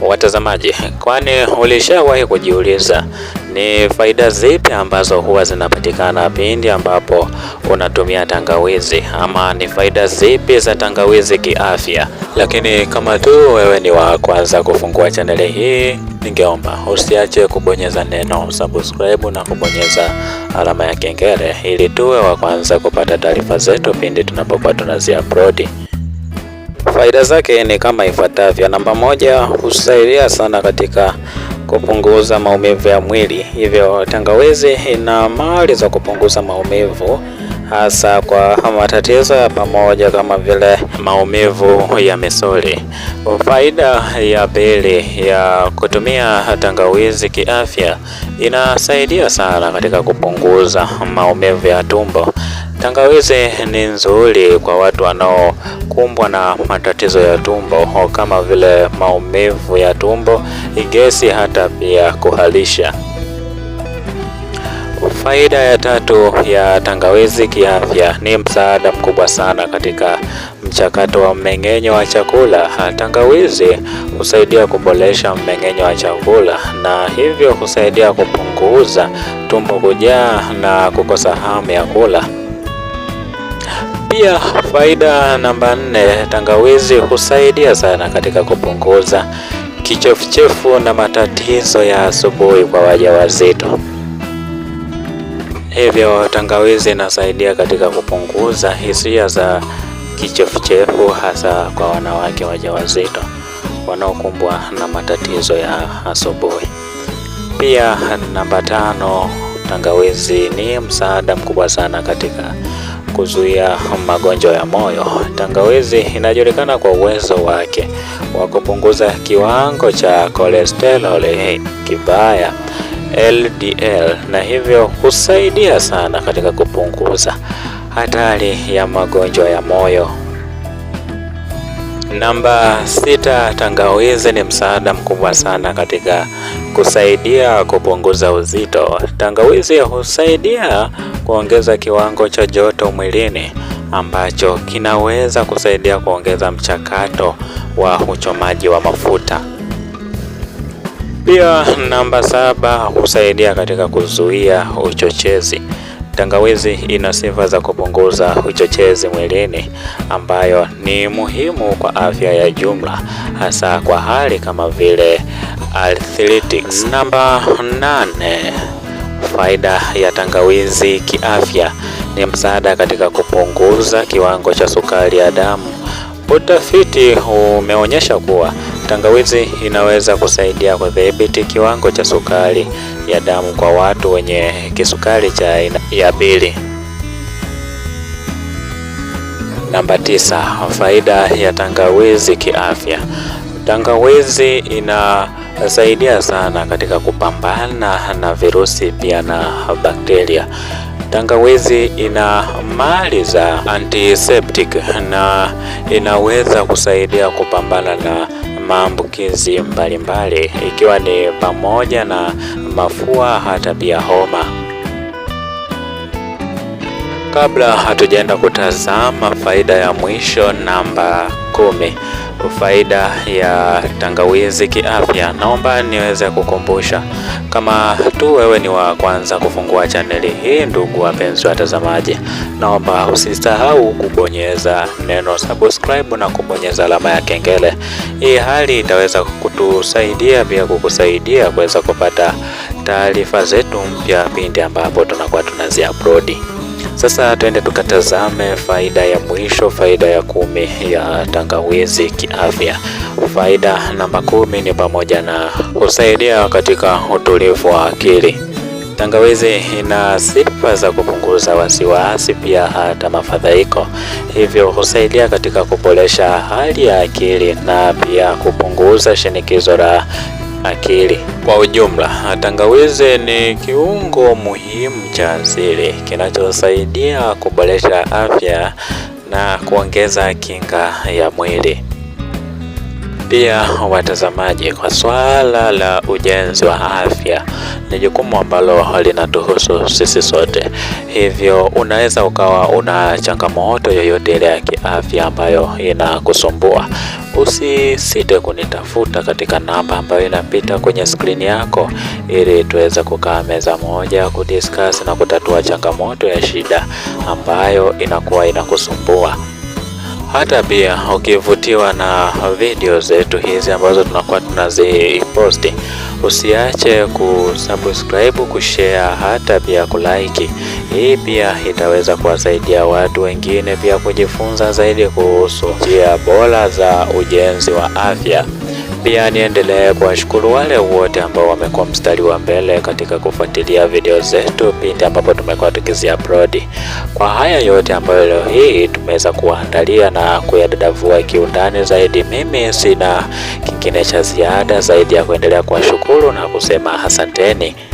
Watazamaji, kwani ulishawahi kujiuliza ni faida zipi ambazo huwa zinapatikana pindi ambapo unatumia tangawizi, ama ni faida zipi za tangawizi kiafya? Lakini kama tu wewe ni wa kwanza kufungua chaneli hii, ningeomba usiache kubonyeza neno subscribe na kubonyeza alama ya kengele ili tuwe wa kwanza kupata taarifa zetu pindi tunapokuwa tunazi upload. Faida zake ni kama ifuatavyo. Namba moja, husaidia sana katika kupunguza maumivu ya mwili, hivyo tangawizi ina mali za kupunguza maumivu hasa kwa matatizo ya pamoja kama vile maumivu ya misuli. Faida ya pili ya kutumia tangawizi kiafya, inasaidia sana katika kupunguza maumivu ya tumbo. Tangawizi ni nzuri kwa watu wanaokumbwa na matatizo ya tumbo kama vile maumivu ya tumbo, igesi hata pia kuharisha. Faida ya tatu ya tangawizi kiafya ni msaada mkubwa sana katika mchakato wa mmeng'enyo wa chakula. Tangawizi husaidia kuboresha mmeng'enyo wa chakula na hivyo husaidia kupunguza tumbo kujaa na kukosa hamu ya kula. Pia faida namba nne, tangawizi husaidia sana katika kupunguza kichefuchefu na matatizo ya asubuhi kwa wajawazito. Hivyo tangawizi inasaidia katika kupunguza hisia za kichefuchefu, hasa kwa wanawake wajawazito wanaokumbwa na matatizo ya asubuhi. Pia namba tano, tangawizi ni msaada mkubwa sana katika kuzuia magonjwa ya moyo. Tangawizi inajulikana kwa uwezo wake wa kupunguza kiwango cha kolesteroli kibaya LDL na hivyo husaidia sana katika kupunguza hatari ya magonjwa ya moyo. Namba sita, tangawizi ni msaada mkubwa sana katika kusaidia kupunguza uzito. Tangawizi husaidia kuongeza kiwango cha joto mwilini ambacho kinaweza kusaidia kuongeza mchakato wa uchomaji wa mafuta. Pia namba saba, husaidia katika kuzuia uchochezi. Tangawizi ina sifa za kupunguza uchochezi mwilini, ambayo ni muhimu kwa afya ya jumla, hasa kwa hali kama vile arthritis. Namba nane. Faida ya tangawizi kiafya ni msaada katika kupunguza kiwango cha sukari ya damu. Utafiti umeonyesha kuwa Tangawizi inaweza kusaidia kudhibiti kiwango cha sukari ya damu kwa watu wenye kisukari cha aina ya pili. Namba tisa, faida ya tangawizi kiafya. Tangawizi inasaidia sana katika kupambana na virusi pia na bakteria. Tangawizi ina mali za antiseptic na inaweza kusaidia kupambana na maambukizi mbalimbali ikiwa ni pamoja na mafua hata pia homa. Kabla hatujaenda kutazama faida ya mwisho namba kumi, faida ya tangawizi kiafya, naomba niweze kukumbusha kama tu wewe ni wa kwanza kufungua chaneli hii, ndugu wapenzi watazamaji, naomba usisahau kubonyeza neno subscribe na kubonyeza alama ya kengele. Hii hali itaweza kutusaidia pia kukusaidia kuweza kupata taarifa zetu mpya pindi ambapo tunakuwa tunazi upload. Sasa tuende tukatazame faida ya mwisho, faida ya kumi ya tangawizi kiafya. Faida namba kumi ni pamoja na husaidia katika utulivu wa akili. Tangawizi ina sifa za kupunguza wasiwasi, pia hata mafadhaiko, hivyo husaidia katika kuboresha hali ya akili na pia kupunguza shinikizo la akili. Kwa ujumla, tangawizi ni kiungo muhimu cha asili kinachosaidia kuboresha afya na kuongeza kinga ya mwili. Pia watazamaji, kwa swala la ujenzi wa afya ni jukumu ambalo linatuhusu sisi sote, hivyo unaweza ukawa una changamoto yoyote ile ya kiafya ambayo inakusumbua, usisite kunitafuta katika namba ambayo inapita kwenye skrini yako, ili tuweze kukaa meza moja kudiscuss na kutatua changamoto ya shida ambayo inakuwa inakusumbua. Hata pia ukivutiwa na video zetu hizi ambazo tunakuwa tunaziposti, usiache kusubscribe, kushare, hata pia kulike. Hii pia itaweza kuwasaidia watu wengine pia kujifunza zaidi kuhusu njia bora za ujenzi wa afya. Pia niendelee kuwashukuru wale wote ambao wamekuwa mstari wa mbele katika kufuatilia video zetu pindi ambapo tumekuwa tukizi upload. Kwa haya yote ambayo leo hii tumeweza kuandalia na kuyadadavua kiundani zaidi, mimi sina kingine cha ziada zaidi ya kuendelea kuwashukuru na kusema asanteni.